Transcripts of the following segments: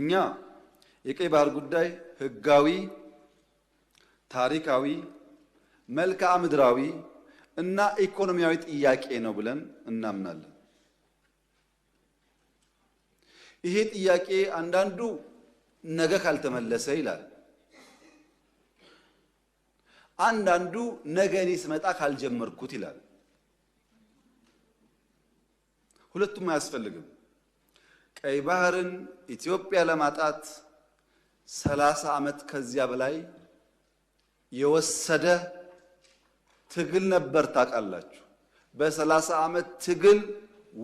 እኛ የቀይ ባህር ጉዳይ ህጋዊ፣ ታሪካዊ፣ መልክዓ ምድራዊ እና ኢኮኖሚያዊ ጥያቄ ነው ብለን እናምናለን። ይሄ ጥያቄ አንዳንዱ ነገ ካልተመለሰ ይላል፣ አንዳንዱ ነገ እኔ ስመጣ ካልጀመርኩት ይላል። ሁለቱም አያስፈልግም። ቀይ ባህርን ኢትዮጵያ ለማጣት ሰላሳ ዓመት ከዚያ በላይ የወሰደ ትግል ነበር። ታውቃላችሁ። በሰላሳ ዓመት ትግል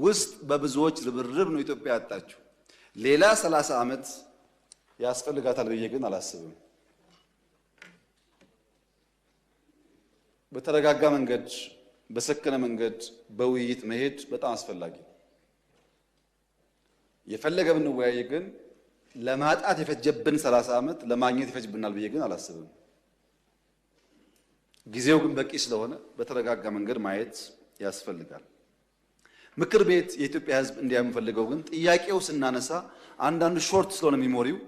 ውስጥ በብዙዎች ርብርብ ነው ኢትዮጵያ ያጣችሁ። ሌላ ሰላሳ ዓመት ያስፈልጋታል ብዬ ግን አላስብም። በተረጋጋ መንገድ፣ በሰከነ መንገድ፣ በውይይት መሄድ በጣም አስፈላጊ ነው። የፈለገ ብንወያይ ግን ለማጣት የፈጀብን ሰላሳ ዓመት ለማግኘት ይፈጅብናል ብዬ ግን አላስብም። ጊዜው ግን በቂ ስለሆነ በተረጋጋ መንገድ ማየት ያስፈልጋል። ምክር ቤት የኢትዮጵያ ሕዝብ እንዲያምፈልገው ግን ጥያቄው ስናነሳ አንዳንዱ ሾርት ስለሆነ ሚሞሪው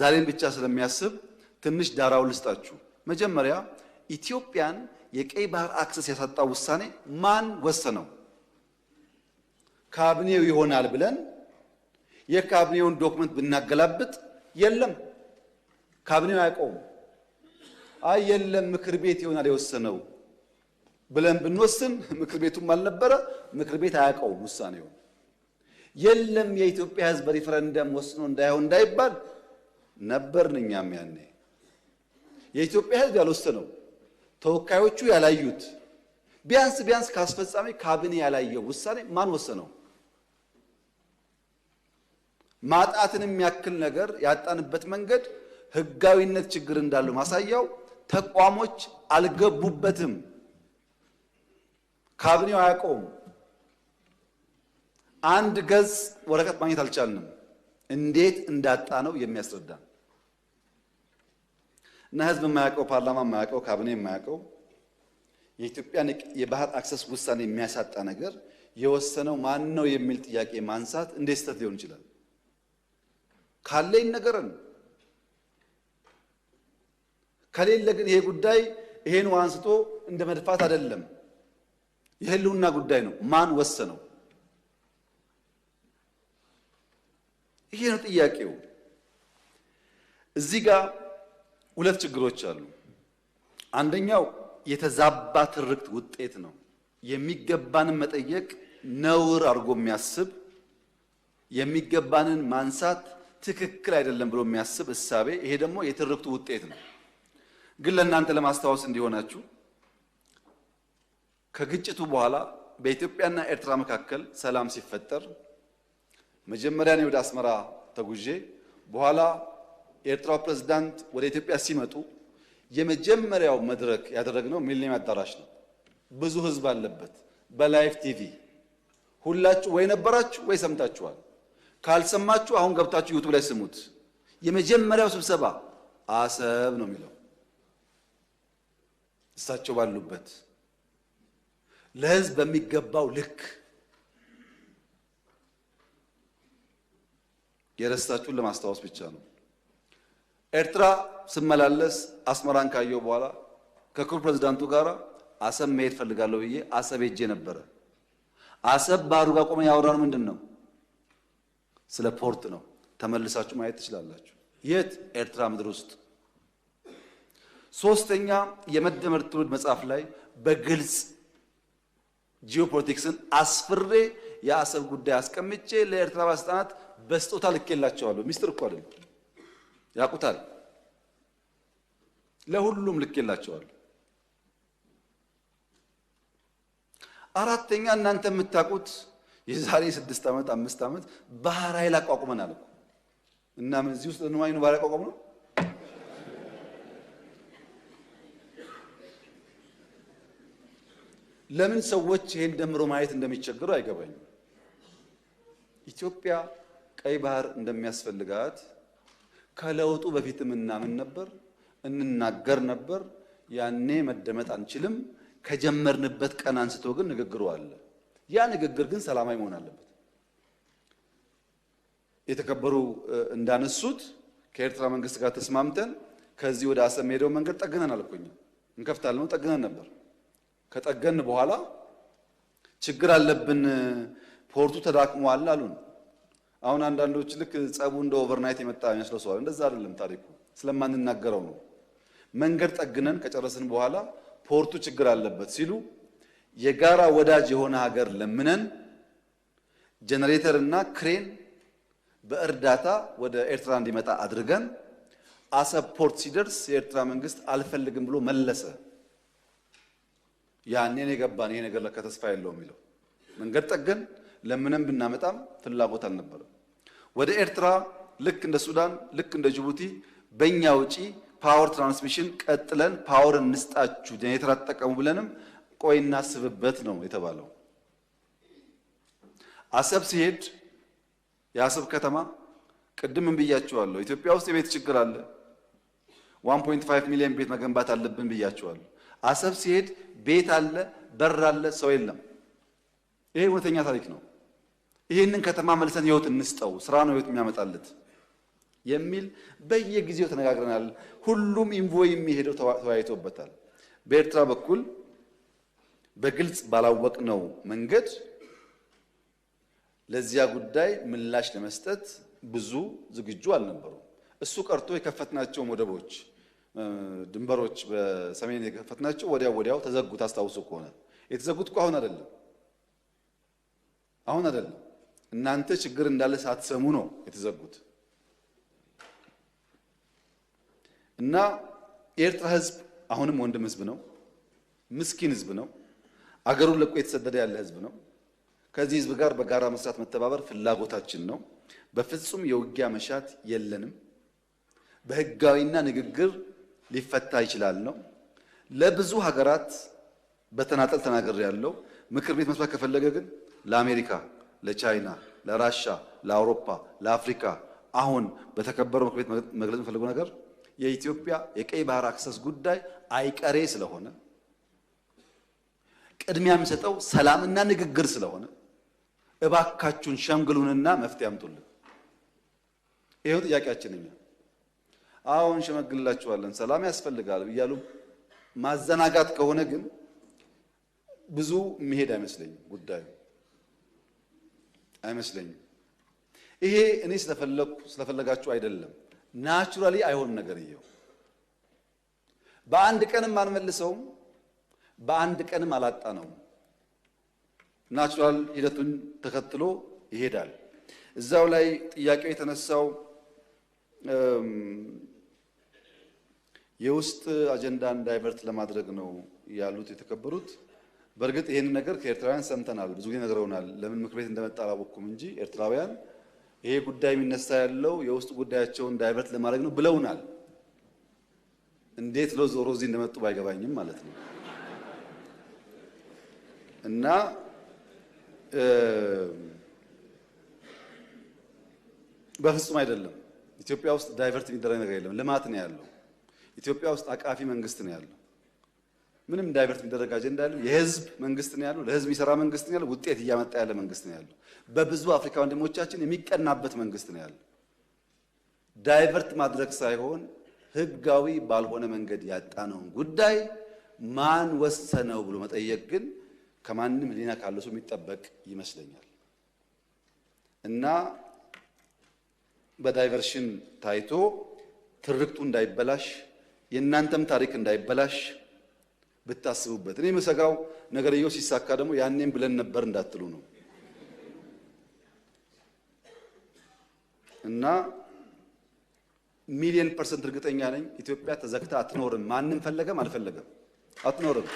ዛሬን ብቻ ስለሚያስብ ትንሽ ዳራው ልስጣችሁ። መጀመሪያ ኢትዮጵያን የቀይ ባህር አክሰስ ያሳጣው ውሳኔ ማን ወሰነው? ካቢኔው ይሆናል ብለን የካቢኔውን ዶክመንት ብናገላብጥ የለም፣ ካቢኔው አያውቀውም። አይ የለም ምክር ቤት ይሆናል የወሰነው ብለን ብንወስን ምክር ቤቱም አልነበረ፣ ምክር ቤት አያውቀውም ውሳኔው የለም የኢትዮጵያ ሕዝብ በሪፈረንደም ወስኖ እንዳይሆን እንዳይባል ነበርን እኛም ያኔ የኢትዮጵያ ሕዝብ ያልወሰነው ተወካዮቹ ያላዩት ቢያንስ ቢያንስ ከአስፈጻሚ ካቢኔ ያላየው ውሳኔ ማን ወሰነው? ማጣትን የሚያክል ነገር ያጣንበት መንገድ ህጋዊነት ችግር እንዳለው ማሳያው ተቋሞች አልገቡበትም። ካቢኔው አያውቀውም። አንድ ገጽ ወረቀት ማግኘት አልቻልንም። እንዴት እንዳጣ ነው የሚያስረዳ እና ህዝብ የማያውቀው ፓርላማ የማያውቀው ካቢኔ የማያውቀው የኢትዮጵያን የባህር አክሰስ ውሳኔ የሚያሳጣ ነገር የወሰነው ማን ነው የሚል ጥያቄ ማንሳት እንዴት ስህተት ሊሆን ይችላል? ካለ ይነገረን። ከሌለ ግን ይሄ ጉዳይ ይሄን አንስቶ እንደ መድፋት አይደለም፣ የህልውና ጉዳይ ነው። ማን ወሰነው? ይሄ ነው ጥያቄው። እዚህ ጋር ሁለት ችግሮች አሉ። አንደኛው የተዛባ ትርክት ውጤት ነው። የሚገባንን መጠየቅ ነውር አድርጎ የሚያስብ የሚገባንን ማንሳት ትክክል አይደለም ብሎ የሚያስብ እሳቤ፣ ይሄ ደግሞ የትርክቱ ውጤት ነው። ግን ለእናንተ ለማስታወስ እንዲሆናችሁ ከግጭቱ በኋላ በኢትዮጵያና ኤርትራ መካከል ሰላም ሲፈጠር መጀመሪያ እኔ ወደ አስመራ ተጉዤ በኋላ የኤርትራው ፕሬዝዳንት ወደ ኢትዮጵያ ሲመጡ የመጀመሪያው መድረክ ያደረግነው ሚሊኒየም አዳራሽ ነው። ብዙ ህዝብ አለበት። በላይቭ ቲቪ ሁላችሁ ወይ ነበራችሁ ወይ ሰምታችኋል። ካልሰማችሁ አሁን ገብታችሁ ዩቱብ ላይ ስሙት። የመጀመሪያው ስብሰባ አሰብ ነው የሚለው እሳቸው ባሉበት ለህዝብ በሚገባው ልክ የረሳችሁን ለማስታወስ ብቻ ነው። ኤርትራ ስመላለስ አስመራን ካየሁ በኋላ ከክቡር ፕሬዚዳንቱ ጋር አሰብ መሄድ ፈልጋለሁ ብዬ አሰብ ሄጄ ነበረ። አሰብ ባህሩ ጋር ቆመን ያወራነው ምንድን ነው? ስለ ፖርት ነው። ተመልሳችሁ ማየት ትችላላችሁ። የት ኤርትራ ምድር ውስጥ። ሶስተኛ የመደመር ትውልድ መጽሐፍ ላይ በግልጽ ጂኦፖለቲክስን አስፍሬ የአሰብ ጉዳይ አስቀምጬ ለኤርትራ ባለስልጣናት በስጦታ ልኬላቸዋለሁ። ሚስጥር እኮ አይደለም፣ ያውቁታል። ለሁሉም ልኬላቸዋለሁ። አራተኛ እናንተ የምታውቁት የዛሬ ስድስት ዓመት አምስት ዓመት ባህር ኃይል አቋቁመናል እኮ እና ምን እዚህ ውስጥ ንማኝ ነው ባህር አቋቁም ነው። ለምን ሰዎች ይሄን ደምሮ ማየት እንደሚቸግሩ አይገባኝም። ኢትዮጵያ ቀይ ባህር እንደሚያስፈልጋት ከለውጡ በፊትም እናምን ነበር፣ እንናገር ነበር። ያኔ መደመጥ አንችልም። ከጀመርንበት ቀን አንስቶ ግን ንግግሩ አለ። ያ ንግግር ግን ሰላማዊ መሆን አለበት። የተከበሩ እንዳነሱት ከኤርትራ መንግስት ጋር ተስማምተን ከዚህ ወደ አሰብ ሄደው መንገድ ጠግነን አልኩኝ እንከፍታለን ጠግነን ነበር። ከጠገን በኋላ ችግር አለብን፣ ፖርቱ ተዳክሟል አሉን። አሁን አንዳንዶች ልክ ጸቡ እንደ ኦቨርናይት የመጣ ይመስለው ሰዋል። እንደዛ አይደለም ታሪኩ፣ ስለማንናገረው ነው። መንገድ ጠግነን ከጨረስን በኋላ ፖርቱ ችግር አለበት ሲሉ የጋራ ወዳጅ የሆነ ሀገር ለምነን ጄኔሬተርና ክሬን በእርዳታ ወደ ኤርትራ እንዲመጣ አድርገን አሰብ ፖርት ሲደርስ የኤርትራ መንግስት አልፈልግም ብሎ መለሰ። ያኔን የገባን ይሄ ነገር ለካ ተስፋ የሚለው መንገድ ጠገን ለምንም ብናመጣም ፍላጎት አልነበረም። ወደ ኤርትራ ልክ እንደ ሱዳን ልክ እንደ ጅቡቲ በእኛ ውጪ ፓወር ትራንስሚሽን ቀጥለን ፓወር እንስጣችሁ ጄኔሬተር አትጠቀሙ ብለንም ቆይ እናስብበት ነው የተባለው። አሰብ ሲሄድ የአሰብ ከተማ ቅድምም ብያችኋለሁ፣ ኢትዮጵያ ውስጥ የቤት ችግር አለ። 1.5 ሚሊዮን ቤት መገንባት አለብን ብያችኋለሁ። አሰብ ሲሄድ ቤት አለ፣ በር አለ፣ ሰው የለም። ይሄ እውነተኛ ታሪክ ነው። ይህንን ከተማ መልሰን ህይወት እንስጠው፣ ስራ ነው ህይወት የሚያመጣለት የሚል በየጊዜው ተነጋግረናል። ሁሉም ኢንቮይ የሚሄደው ተወያይቶበታል። በኤርትራ በኩል በግልጽ ባላወቅነው መንገድ ለዚያ ጉዳይ ምላሽ ለመስጠት ብዙ ዝግጁ አልነበሩም። እሱ ቀርቶ የከፈትናቸው ወደቦች፣ ድንበሮች በሰሜን የከፈትናቸው ወዲያው ወዲያው ተዘጉት። ታስታውሱ ከሆነ የተዘጉት እኮ አሁን አይደለም አሁን አይደለም እናንተ ችግር እንዳለ ሳትሰሙ ነው የተዘጉት። እና የኤርትራ ህዝብ አሁንም ወንድም ህዝብ ነው፣ ምስኪን ህዝብ ነው። አገሩን ለቆ የተሰደደ ያለ ህዝብ ነው። ከዚህ ህዝብ ጋር በጋራ መስራት፣ መተባበር ፍላጎታችን ነው። በፍጹም የውጊያ መሻት የለንም። በህጋዊና ንግግር ሊፈታ ይችላል ነው። ለብዙ ሀገራት በተናጠል ተናገር ያለው ምክር ቤት መስማት ከፈለገ ግን ለአሜሪካ፣ ለቻይና፣ ለራሻ፣ ለአውሮፓ፣ ለአፍሪካ አሁን በተከበረው ምክር ቤት መግለጽ የምፈልገው ነገር የኢትዮጵያ የቀይ ባህር አክሰስ ጉዳይ አይቀሬ ስለሆነ ቅድሚያ የሚሰጠው ሰላምና ንግግር ስለሆነ እባካችሁን ሸምግሉንና መፍትሄ አምጡልን። ይሄው ጥያቄያችን። እኛ አሁን ሸመግልላችኋለን፣ ሰላም ያስፈልጋል እያሉ ማዘናጋት ከሆነ ግን ብዙ መሄድ አይመስለኝም፣ ጉዳዩ አይመስለኝም። ይሄ እኔ ስለፈለኩ ስለፈለጋችሁ አይደለም፣ ናቹራሊ አይሆንም ነገርየው። በአንድ ቀንም አንመልሰውም። በአንድ ቀንም አላጣ ነው። ናቹራል ሂደቱን ተከትሎ ይሄዳል። እዛው ላይ ጥያቄው የተነሳው የውስጥ አጀንዳን ዳይቨርት ለማድረግ ነው ያሉት የተከበሩት። በእርግጥ ይህን ነገር ከኤርትራውያን ሰምተናል፣ ብዙ ጊዜ ነግረውናል። ለምን ምክር ቤት እንደመጣ አላወቅኩም እንጂ ኤርትራውያን ይሄ ጉዳይ የሚነሳ ያለው የውስጥ ጉዳያቸውን ዳይቨርት ለማድረግ ነው ብለውናል። እንዴት ለዞሮ እዚህ እንደመጡ ባይገባኝም ማለት ነው። እና በፍጹም አይደለም። ኢትዮጵያ ውስጥ ዳይቨርት የሚደረግ ነገር የለም። ልማት ነው ያለው። ኢትዮጵያ ውስጥ አቃፊ መንግስት ነው ያለው። ምንም ዳይቨርት የሚደረግ አጀንዳ ያለው የህዝብ መንግስት ነው ያለው። ለህዝብ የሚሰራ መንግስት ነው ያለው። ውጤት እያመጣ ያለ መንግስት ነው ያለው። በብዙ አፍሪካ ወንድሞቻችን የሚቀናበት መንግስት ነው ያለው። ዳይቨርት ማድረግ ሳይሆን ህጋዊ ባልሆነ መንገድ ያጣነውን ጉዳይ ማን ወሰነው ብሎ መጠየቅ ግን ከማንም ሊና ካለው ሰው የሚጠበቅ ይመስለኛል እና በዳይቨርሽን ታይቶ ትርክቱ እንዳይበላሽ የእናንተም ታሪክ እንዳይበላሽ ብታስቡበት። እኔ የምሰጋው ነገርየው ሲሳካ ደግሞ ያኔም ብለን ነበር እንዳትሉ ነው እና ሚሊየን ፐርሰንት እርግጠኛ ነኝ ኢትዮጵያ ተዘግታ አትኖርም። ማንም ፈለገም አልፈለገም አትኖርም።